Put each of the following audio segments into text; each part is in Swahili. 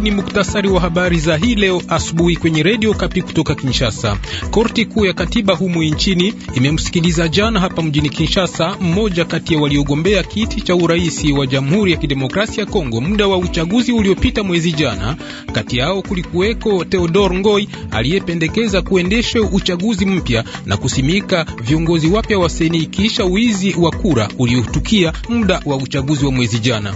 ni muktasari wa habari za hii leo asubuhi kwenye redio Kapi kutoka Kinshasa. Korti kuu ya katiba humu nchini imemsikiliza jana hapa mjini Kinshasa mmoja kati ya waliogombea kiti cha urais wa Jamhuri ya Kidemokrasia ya Kongo muda wa uchaguzi uliopita mwezi jana. Kati yao kulikuweko Theodore Ngoi aliyependekeza kuendeshe uchaguzi mpya na kusimika viongozi wapya wa seni kisha wizi wa kura uliotukia muda wa uchaguzi wa mwezi jana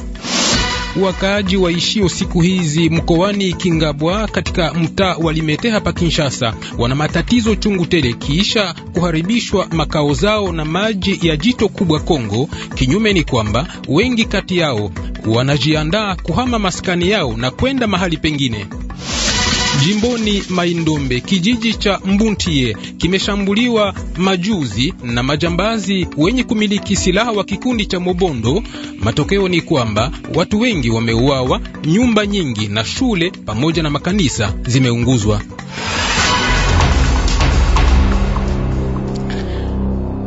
wakaaji waishio siku hizi mkoani Kingabwa katika mtaa wa Limete hapa Kinshasa wana matatizo chungu tele kiisha kuharibishwa makao zao na maji ya jito kubwa Kongo. Kinyume ni kwamba wengi kati yao wanajiandaa kuhama maskani yao na kwenda mahali pengine. Jimboni Maindombe, kijiji cha Mbuntie kimeshambuliwa majuzi na majambazi wenye kumiliki silaha wa kikundi cha Mobondo. Matokeo ni kwamba watu wengi wameuawa, nyumba nyingi na shule pamoja na makanisa zimeunguzwa.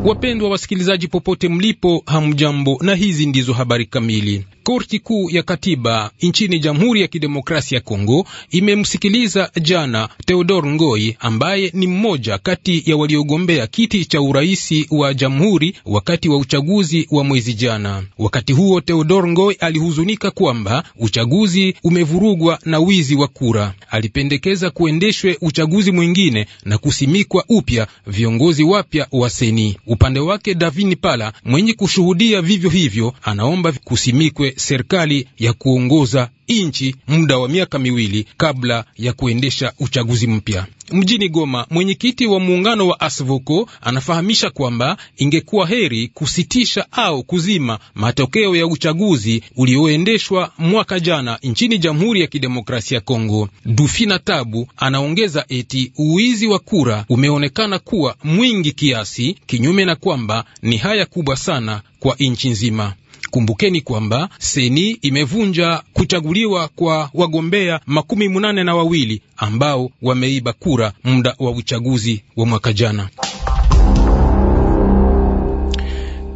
Wapendwa wasikilizaji, popote mlipo, hamjambo, na hizi ndizo habari kamili. Korti Kuu ya Katiba nchini Jamhuri ya Kidemokrasia ya Kongo imemsikiliza jana theodor Ngoi ambaye ni mmoja kati ya waliogombea kiti cha uraisi wa jamhuri wakati wa uchaguzi wa mwezi jana. Wakati huo, theodor Ngoi alihuzunika kwamba uchaguzi umevurugwa na wizi wa kura. Alipendekeza kuendeshwe uchaguzi mwingine na kusimikwa upya viongozi wapya wa seni. Upande wake, Davini Pala mwenye kushuhudia vivyo hivyo anaomba kusimikwe serikali ya kuongoza nchi muda wa miaka miwili kabla ya kuendesha uchaguzi mpya. Mjini Goma, mwenyekiti wa muungano wa ASVOKO anafahamisha kwamba ingekuwa heri kusitisha au kuzima matokeo ya uchaguzi ulioendeshwa mwaka jana nchini Jamhuri ya Kidemokrasia ya Kongo. Dufina Tabu anaongeza eti uwizi wa kura umeonekana kuwa mwingi kiasi, kinyume na kwamba ni haya kubwa sana kwa nchi nzima. Kumbukeni kwamba seni imevunja kuchaguliwa kwa wagombea makumi munane na wawili ambao wameiba kura muda wa uchaguzi wa mwaka jana.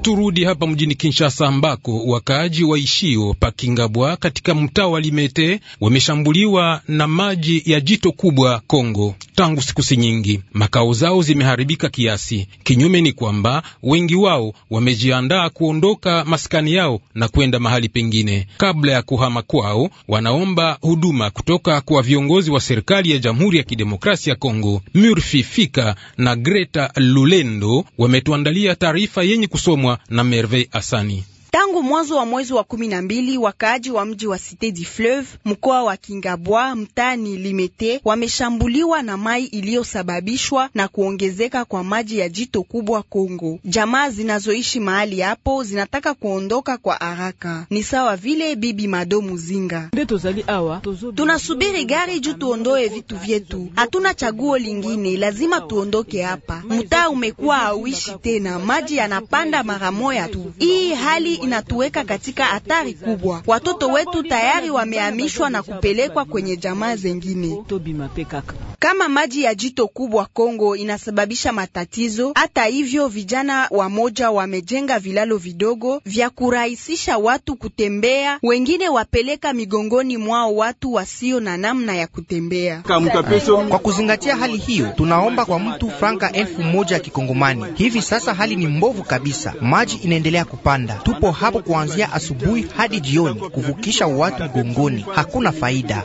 Turudi hapa mjini Kinshasa ambako wakaaji waishio Pakingabwa katika mtaa wa Limete wameshambuliwa na maji ya jito kubwa Kongo tangu siku si nyingi. Makao zao zimeharibika kiasi. Kinyume ni kwamba wengi wao wamejiandaa kuondoka maskani yao na kwenda mahali pengine. Kabla ya kuhama kwao, wanaomba huduma kutoka kwa viongozi wa serikali ya Jamhuri ya Kidemokrasia ya Kongo. Murphy Fika na Greta Lulendo wametuandalia taarifa yenye kusomwa na Merveille Asani. Tangu mwanzo wa mwezi wa kumi na mbili wakaaji wa mji wa Cite du Fleuve mkoa wa Kingabwa mtaani Limete wameshambuliwa na mai iliyosababishwa na kuongezeka kwa maji ya jito kubwa Kongo. Jamaa zinazoishi mahali hapo zinataka kuondoka kwa haraka, ni sawa vile bibi Mado Muzinga. Tunasubiri gari juu tuondoe vitu vyetu, hatuna chaguo lingine, lazima tuondoke hapa. Mtaa umekuwa hauishi tena, maji yanapanda mara moya tu. Hii hali inatuweka katika hatari kubwa. Watoto wetu tayari wamehamishwa na kupelekwa kwenye jamaa zengine kama maji ya jito kubwa Kongo inasababisha matatizo. Hata hivyo, vijana wamoja wamejenga vilalo vidogo vya kurahisisha watu kutembea, wengine wapeleka migongoni mwao watu wasio na namna ya kutembea. Kwa kuzingatia hali hiyo, tunaomba kwa mtu franka elfu moja ya kikongomani. Hivi sasa hali ni mbovu kabisa, maji inaendelea kupanda. Tupo hapo kuanzia asubuhi hadi jioni kuvukisha watu mgongoni, hakuna faida.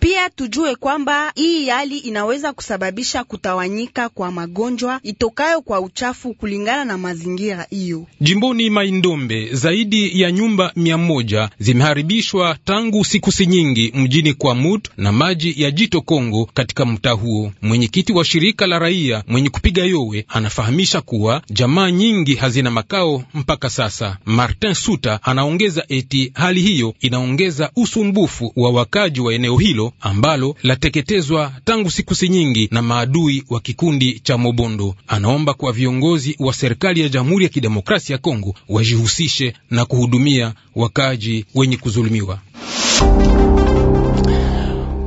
Pia tujue kwamba hii hali inaweza kusababisha kutawanyika kwa magonjwa itokayo kwa uchafu kulingana na mazingira hiyo. Jimboni Maindombe, zaidi ya nyumba mia moja zimeharibishwa tangu siku si nyingi mjini kwa mut na maji ya jito Kongo katika mtaa huo. Mwenyekiti wa shirika la raia mwenye kupiga yowe anafahamisha kuwa jamaa nyingi hazina makao mpaka sasa. Martin Suta anaongeza eti hali hiyo inaongeza usumbufu wa wakaji wa eneo hilo ambalo lateketezwa tangu siku si nyingi na maadui wa kikundi cha Mobondo. Anaomba kwa viongozi wa serikali ya Jamhuri ya Kidemokrasia ya Kongo wajihusishe na kuhudumia wakaaji wenye kuzulumiwa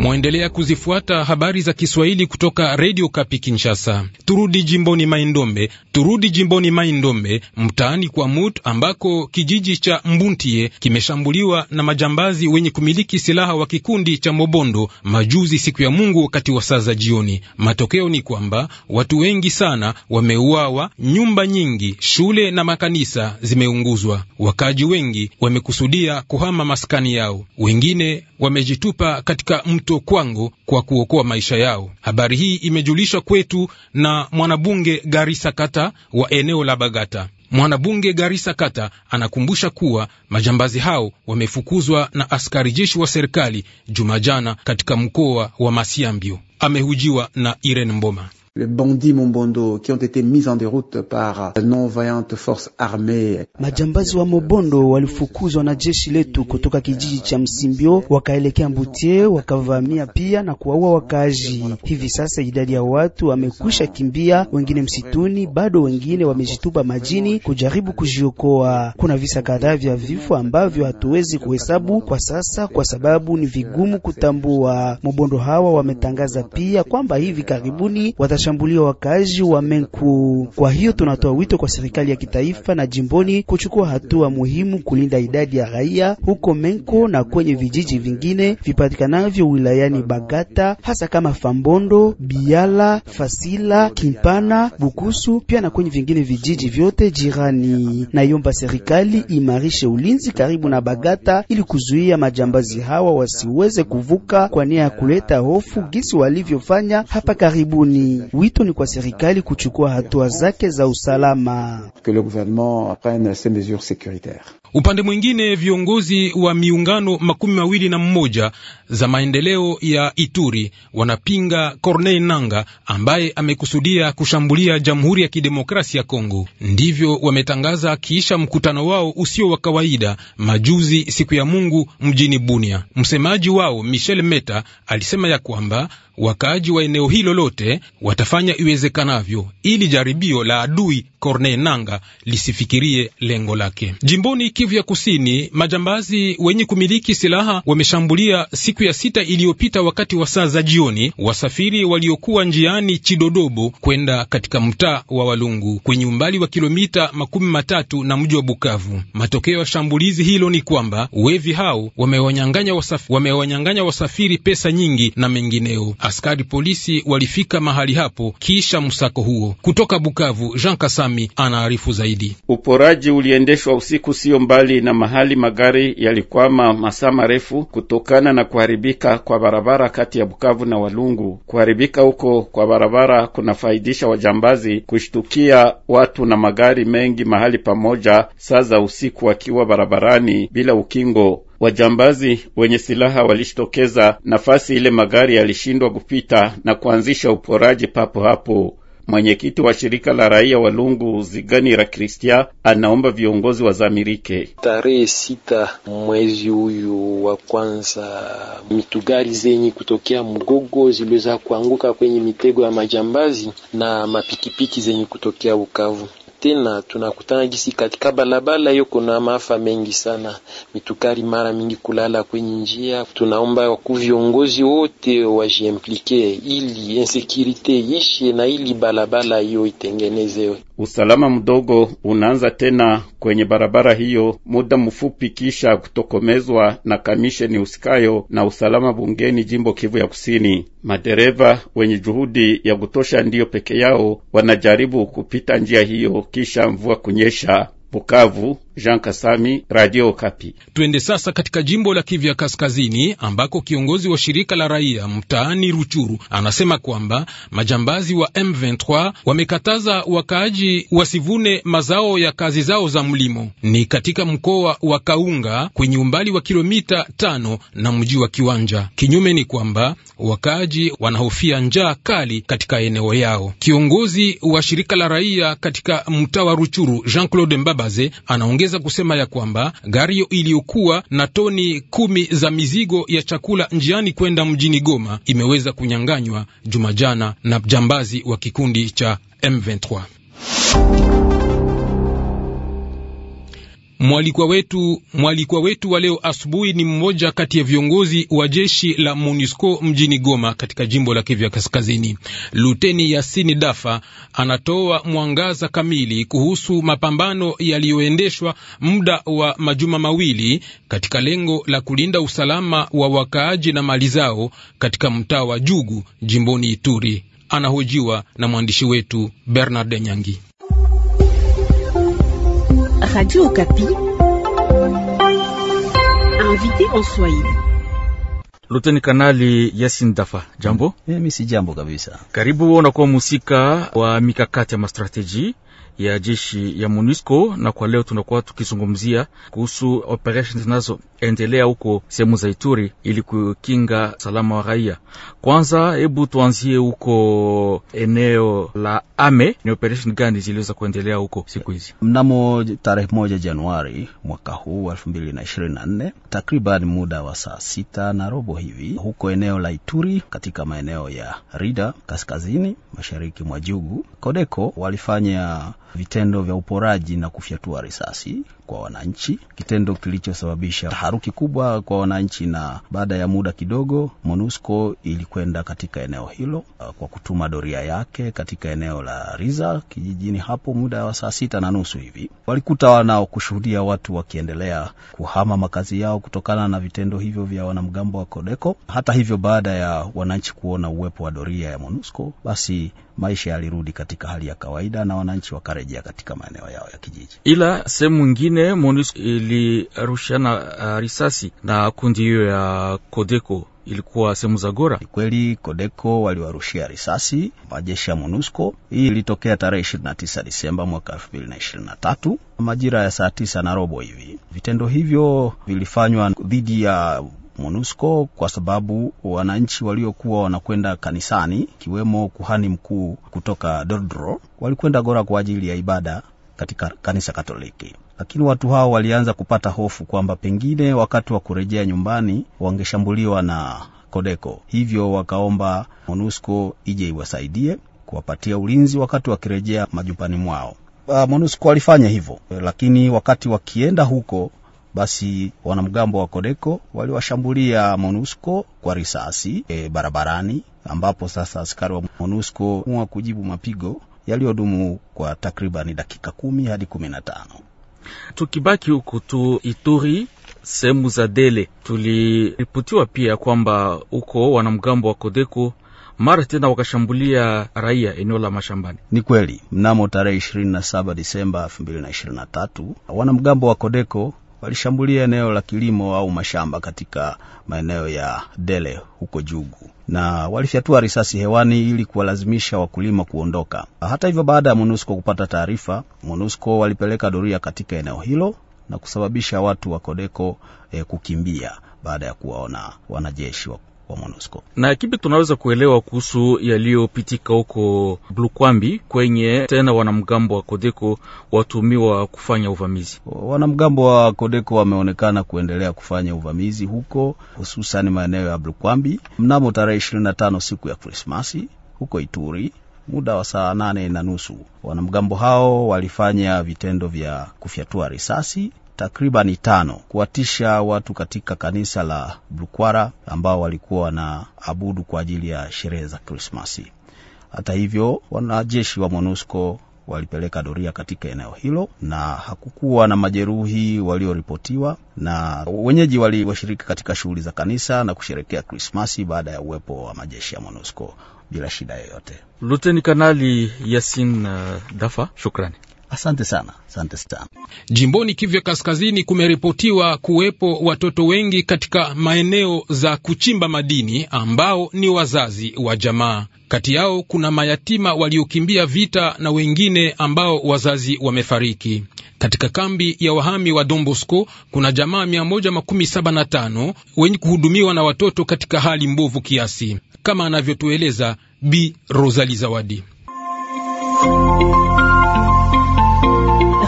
Mwaendelea kuzifuata habari za Kiswahili kutoka redio Kapi Kinshasa. Turudi jimboni Maindombe, turudi jimboni Maindombe, mtaani kwa Mut ambako kijiji cha Mbuntie kimeshambuliwa na majambazi wenye kumiliki silaha wa kikundi cha Mobondo majuzi siku ya Mungu wakati wa saa za jioni. Matokeo ni kwamba watu wengi sana wameuawa, nyumba nyingi, shule na makanisa zimeunguzwa. Wakaji wengi wamekusudia kuhama maskani yao, wengine wamejitupa katika mtu wito kwangu kwa kuokoa maisha yao. Habari hii imejulishwa kwetu na mwanabunge Garisa Kata wa eneo la Bagata. Mwanabunge Garisa Kata anakumbusha kuwa majambazi hao wamefukuzwa na askari jeshi wa serikali jumajana katika mkoa wa Masiambio. Amehujiwa na Irene Mboma le bandit Mobondo qui ont été mis en déroute par non voyante force armée. Majambazi wa Mobondo walifukuzwa na jeshi letu kutoka kijiji cha Msimbio, wakaelekea Mbutie, wakavamia pia na kuwaua wakaaji. Hivi sasa idadi ya watu wamekwisha kimbia, wengine msituni, bado wengine wamejitupa majini kujaribu kujiokoa. Kuna visa kadhaa vya vifo ambavyo hatuwezi kuhesabu kwa sasa kwa sababu ni vigumu kutambua. Mobondo hawa wametangaza pia kwamba hivi karibuni wata wanashambulia wakazi wa Menku. Kwa hiyo tunatoa wito kwa serikali ya kitaifa na jimboni kuchukua hatua muhimu kulinda idadi ya raia huko Menko na kwenye vijiji vingine vipatikanavyo wilayani Bagata, hasa kama Fambondo, Biala, Fasila, Kimpana, Bukusu pia na kwenye vingine vijiji vyote jirani. Nayomba serikali imarishe ulinzi karibu na Bagata ili kuzuia majambazi hawa wasiweze kuvuka kwa nia ya kuleta hofu gisi walivyofanya hapa karibuni. Wito ni kwa serikali kuchukua hatua zake za usalama. Upande mwingine, viongozi wa miungano makumi mawili na mmoja za maendeleo ya Ituri wanapinga Corneille Nanga ambaye amekusudia kushambulia Jamhuri ya Kidemokrasia ya Kongo. Ndivyo wametangaza kiisha mkutano wao usio wa kawaida majuzi siku ya Mungu mjini Bunia. Msemaji wao Michel Meta alisema ya kwamba wakaaji wa eneo hilo lote watafanya iwezekanavyo ili jaribio la adui Corneille nanga lisifikirie lengo lake. Jimboni Kivu ya Kusini, majambazi wenye kumiliki silaha wameshambulia siku ya sita iliyopita wakati wa saa za jioni wasafiri waliokuwa njiani Chidodobo kwenda katika mtaa wa Walungu kwenye umbali wa kilomita makumi matatu na mji wa Bukavu. Matokeo ya shambulizi hilo ni kwamba wevi hao wamewanyang'anya wasafiri, wamewanyang'anya wasafiri pesa nyingi na mengineo askari polisi walifika mahali hapo kisha msako huo. Kutoka Bukavu, Jean Kasami anaarifu zaidi. Uporaji uliendeshwa usiku sio mbali na mahali magari yalikwama masaa marefu kutokana na kuharibika kwa barabara kati ya Bukavu na Walungu. Kuharibika huko kwa barabara kunafaidisha wajambazi kushtukia watu na magari mengi mahali pamoja, saa za usiku wakiwa barabarani bila ukingo wajambazi wenye silaha walishitokeza nafasi ile magari yalishindwa kupita na kuanzisha uporaji papo hapo. Mwenyekiti wa shirika la raia Walungu la Kristia anaomba viongozi wazamirike. Tarehe sita mwezi huyu wa kwanza, mitugari zenye kutokea Mgogo ziliweza kuanguka kwenye mitego ya majambazi na mapikipiki zenye kutokea ukavu tena tunakutana gisi katika balabala hiyo kuna maafa mengi sana, mitukari mara mingi kulala kwenye njia. Tunaomba wakuu viongozi wote wajiimplike ili insekurite ishe na ili balabala hiyo itengenezewe usalama mdogo unaanza tena kwenye barabara hiyo muda mfupi kisha kutokomezwa na kamisheni usikayo na usalama bungeni jimbo Kivu ya Kusini. Madereva wenye juhudi ya kutosha ndiyo peke yao wanajaribu kupita njia hiyo kisha mvua kunyesha. Bukavu, Jean Kasami, Radio Kapi. Twende sasa katika jimbo la kivya Kaskazini ambako kiongozi wa shirika la raia mtaani Ruchuru anasema kwamba majambazi wa M23 wamekataza wakaaji wasivune mazao ya kazi zao za mlimo. Ni katika mkoa wa Kaunga kwenye umbali wa kilomita tano na mji wa Kiwanja. Kinyume ni kwamba wakaaji wanahofia njaa kali katika eneo yao. Kiongozi wa shirika la raia katika mtaa wa Ruchuru Jean-Claude Mbabaze anaongeza aliongeza kusema ya kwamba gari iliyokuwa na toni kumi za mizigo ya chakula njiani kwenda mjini Goma imeweza kunyanganywa Jumajana na jambazi wa kikundi cha M23. Mwalikwa wetu, mwalikwa wetu wa leo asubuhi ni mmoja kati ya viongozi wa jeshi la MONUSCO mjini Goma katika jimbo la Kivu Kaskazini. Luteni Yasini Dafa anatoa mwangaza kamili kuhusu mapambano yaliyoendeshwa muda wa majuma mawili katika lengo la kulinda usalama wa wakaaji na mali zao katika mtaa wa Jugu jimboni Ituri. Anahojiwa na mwandishi wetu Bernard Nyangi. Radio Okapi. Invité en Swahili. Luteni Kanali Yasin Dafa, jambo. Mimi si jambo kabisa. Karibu, unakuwa musika wa mikakati ya mastrateji ya jeshi ya MONUSCO, na kwa leo tunakuwa tukizungumzia kuhusu operations zinazoendelea huko sehemu za Ituri ili kukinga salama wa raia. Kwanza hebu tuanzie huko eneo la Ame, ni operation gani ziliweza kuendelea huko siku hizi? Mnamo tarehe moja Januari mwaka huu elfu mbili na ishirini na nne takriban muda wa saa sita na robo hivi huko eneo la Ituri katika maeneo ya Rida kaskazini mashariki mwa Jugu, Kodeko walifanya vitendo vya uporaji na kufyatua risasi kwa wananchi, kitendo kilichosababisha taharuki kubwa kwa wananchi. Na baada ya muda kidogo, MONUSCO ilikwenda katika eneo hilo uh, kwa kutuma doria yake katika eneo la Riza kijijini hapo, muda wa saa sita na nusu hivi walikuta wanao kushuhudia watu wakiendelea kuhama makazi yao kutokana na vitendo hivyo vya wanamgambo wa Kodeko. Hata hivyo, baada ya wananchi kuona uwepo wa doria ya MONUSCO, basi maisha yalirudi katika hali ya kawaida na wananchi wakarejea katika maeneo yao ya kijiji, ila sehemu nyingine nyingine MONUSCO ilirushiana uh, ah, risasi na kundi hiyo ya Kodeko ilikuwa sehemu za Gora. Kweli Kodeko waliwarushia risasi majeshi ya MONUSCO. Hii ilitokea tarehe 29 Disemba mwaka tatu majira ya saa tisa na robo hivi. Vitendo hivyo vilifanywa dhidi ya MONUSCO kwa sababu wananchi waliokuwa wanakwenda kanisani ikiwemo kuhani mkuu kutoka Dodro walikwenda Gora kwa ajili ya ibada katika kanisa Katoliki lakini watu hao walianza kupata hofu kwamba pengine wakati wa kurejea nyumbani wangeshambuliwa na Kodeko, hivyo wakaomba MONUSCO ije iwasaidie kuwapatia ulinzi wakati wakirejea majumbani mwao. Uh, MONUSCO walifanya hivyo, lakini wakati wakienda huko basi wanamgambo wa Kodeko waliwashambulia MONUSCO kwa risasi e, barabarani ambapo sasa askari wa MONUSCO wa kujibu mapigo yaliyodumu kwa takribani dakika kumi hadi kumi na tano. Tukibaki huku tu Ituri, sehemu za Dele, tuliripotiwa pia kwamba huko wanamgambo wa Kodeko mara tena wakashambulia raia eneo la mashambani. Ni kweli, mnamo tarehe 27 Disemba 2023 wanamgambo wa Kodeko walishambulia eneo la kilimo au mashamba katika maeneo ya Dele huko Jugu na walifyatua risasi hewani ili kuwalazimisha wakulima kuondoka. Hata hivyo, baada ya MONUSCO kupata taarifa, MONUSCO walipeleka doria katika eneo hilo na kusababisha watu wa Kodeko eh, kukimbia baada ya kuwaona wanajeshi wa kwa MONUSCO. Na kipi tunaweza kuelewa kuhusu yaliyopitika huko Blukwambi kwenye tena wanamgambo wa Kodeko watumiwa kufanya uvamizi? Wanamgambo wa Kodeko wameonekana kuendelea kufanya uvamizi huko, hususan maeneo ya Blukwambi mnamo tarehe tano siku ya Krismasi huko Ituri muda wa saa nane na nusu wanamgambo hao walifanya vitendo vya kufyatua risasi takribani tano kuwatisha watu katika kanisa la Blukwara ambao walikuwa wanaabudu kwa ajili ya sherehe za Krismasi. Hata hivyo, wanajeshi wa MONUSCO walipeleka doria katika eneo hilo na hakukuwa na majeruhi walioripotiwa, na wenyeji walioshiriki katika shughuli za kanisa na kusherekea Krismasi baada ya uwepo wa majeshi ya MONUSCO bila shida yoyote. Luteni Kanali Yasin uh, Dafa, shukrani. Asante sana, asante sana. Jimboni kivya Kaskazini kumeripotiwa kuwepo watoto wengi katika maeneo za kuchimba madini ambao ni wazazi wa jamaa. Kati yao kuna mayatima waliokimbia vita na wengine ambao wazazi wamefariki. Katika kambi ya wahami wa dombosco kuna jamaa 175 wenye kuhudumiwa na watoto katika hali mbovu kiasi, kama anavyotueleza Bi Rosali Zawadi.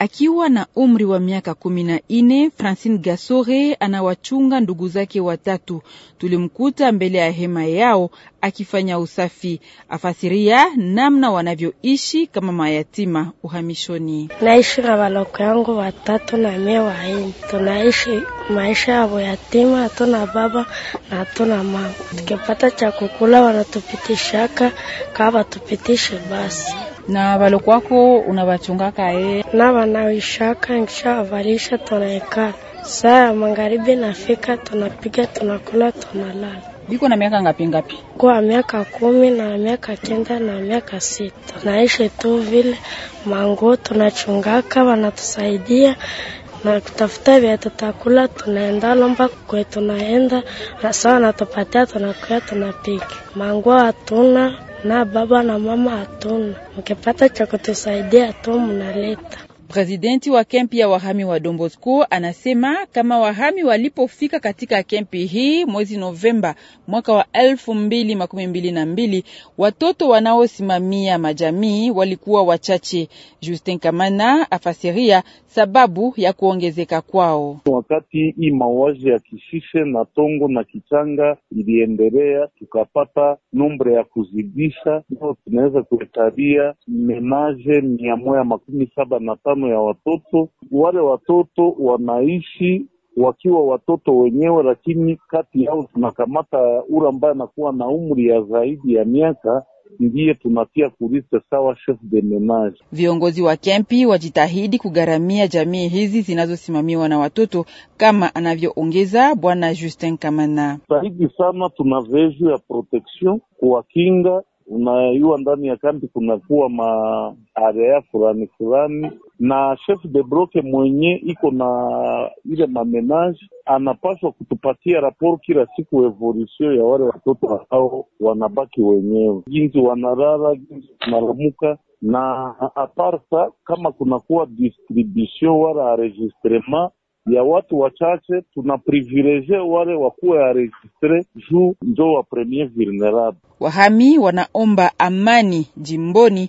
Akiwa na umri wa miaka kumi na nne, Francine Gasore anawachunga ndugu zake watatu. Tulimkuta mbele ya hema yao akifanya usafi. Afasiria namna wanavyoishi kama mayatima uhamishoni. Naishi na waloko yangu watatu na mie waini, tunaishi maisha ya wayatima, hatuna baba na hatuna mama. Tukipata cha kukula wanatupitishaka, kaa watupitishe basi na balokwako unabachungaka yeye na wanaoishaka nkisha avalisha, tunaekaa saa magharibi nafika, tunapiga tunakula, tunalala. Biko na miaka ngapi ngapi? Kwa miaka kumi na miaka kenda na miaka sita. Naishi tu vile mango tunachungaka, wanatusaidia na kutafuta vya tutakula, tunaenda lomba kwe, tunaenda sawa, natupatia tunakuya, tunapiga mango hatuna na baba na mama hatuna, mkipata cha kutusaidia tu mnaleta Presidenti wa kempi ya wahami wa Dombosco anasema kama wahami walipofika katika kempi hii mwezi Novemba mwaka wa elfu mbili makumi mbili na mbili, watoto wanaosimamia majamii walikuwa wachache. Justin Kamana afasiria sababu ya kuongezeka kwao. Wakati hii mauaji ya Kishishe na Tongo na Kichanga iliendelea, tukapata nombre ya kuzidisha, tunaweza kuhetabia menaje mia moja makumi saba na tano mapambano ya watoto. Wale watoto wanaishi wakiwa watoto wenyewe, lakini kati yao tunakamata ule ambaye anakuwa na umri ya zaidi ya miaka ndiye tunatia kuliste sawa chef de menage. Viongozi wa kempi wajitahidi kugharamia jamii hizi zinazosimamiwa na watoto, kama anavyoongeza bwana Justin Kamana. Zaidi sana tuna veju ya protection kuwakinga unayua ndani ya kampi kunakuwa maarea fulani fulani na chef de bloke mwenye iko na ile mamenage anapaswa kutupatia raporo kila siku evolution ya wale watoto hao wanabaki wenyewe, jinsi wanarara, jinsi wanaramuka na aparsa, kama kunakuwa distribution wala enregistrement ya watu wachache, tuna privilege wale wakuwe aregistre juu njo wa premier vulnerable. Wahami wanaomba amani jimboni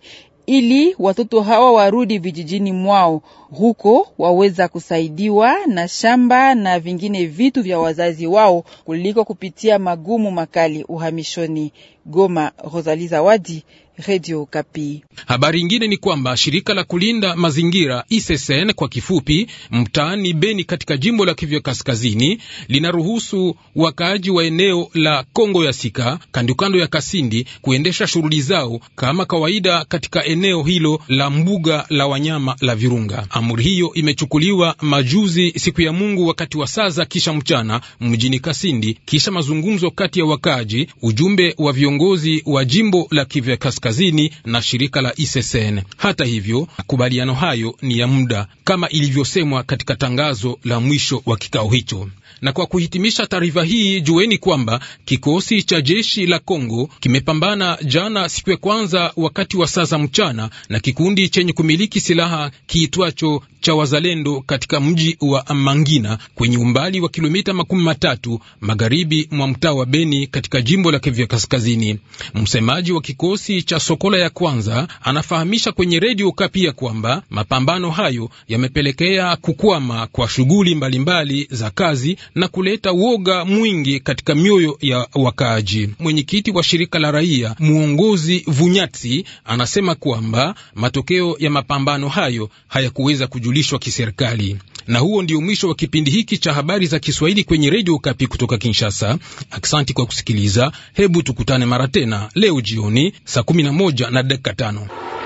ili watoto hawa warudi vijijini mwao, huko waweza kusaidiwa na shamba na vingine vitu vya wazazi wao kuliko kupitia magumu makali uhamishoni. Goma, Rosalie Zawadi, Radio Kapi. Habari ingine ni kwamba shirika la kulinda mazingira ISSN kwa kifupi, mtaani Beni katika jimbo la Kivu Kaskazini linaruhusu wakaaji wa eneo la Kongo ya Sika kandokando ya Kasindi kuendesha shughuli zao kama kawaida katika eneo hilo la mbuga la wanyama la Virunga. Amri hiyo imechukuliwa majuzi siku ya Mungu wakati wa saa za kisha mchana mjini Kasindi, kisha mazungumzo kati ya wakaaji, ujumbe wa vio viongozi wa jimbo la Kivu Kaskazini na shirika la ISSN. Hata hivyo, makubaliano hayo ni ya muda kama ilivyosemwa katika tangazo la mwisho wa kikao hicho. Na kwa kuhitimisha taarifa hii, jueni kwamba kikosi cha jeshi la Kongo kimepambana jana siku ya kwanza wakati wa saa za mchana na kikundi chenye kumiliki silaha kiitwacho cha wazalendo katika mji wa Mangina kwenye umbali wa kilomita makumi matatu magharibi mwa mtaa wa Beni katika jimbo la Kivu ya Kaskazini. Msemaji wa kikosi cha Sokola ya kwanza anafahamisha kwenye redio Kapia kwamba mapambano hayo yamepelekea kukwama kwa shughuli mbalimbali za kazi na kuleta woga mwingi katika mioyo ya wakaaji. Mwenyekiti wa shirika la raia mwongozi Vunyatsi anasema kwamba matokeo ya mapambano hayo hayakuweza kujulishwa kiserikali. Na huo ndio mwisho wa kipindi hiki cha habari za Kiswahili kwenye redio Kapi kutoka Kinshasa. Aksanti kwa kusikiliza. Hebu tukutane mara tena leo jioni saa 11 na dakika 5.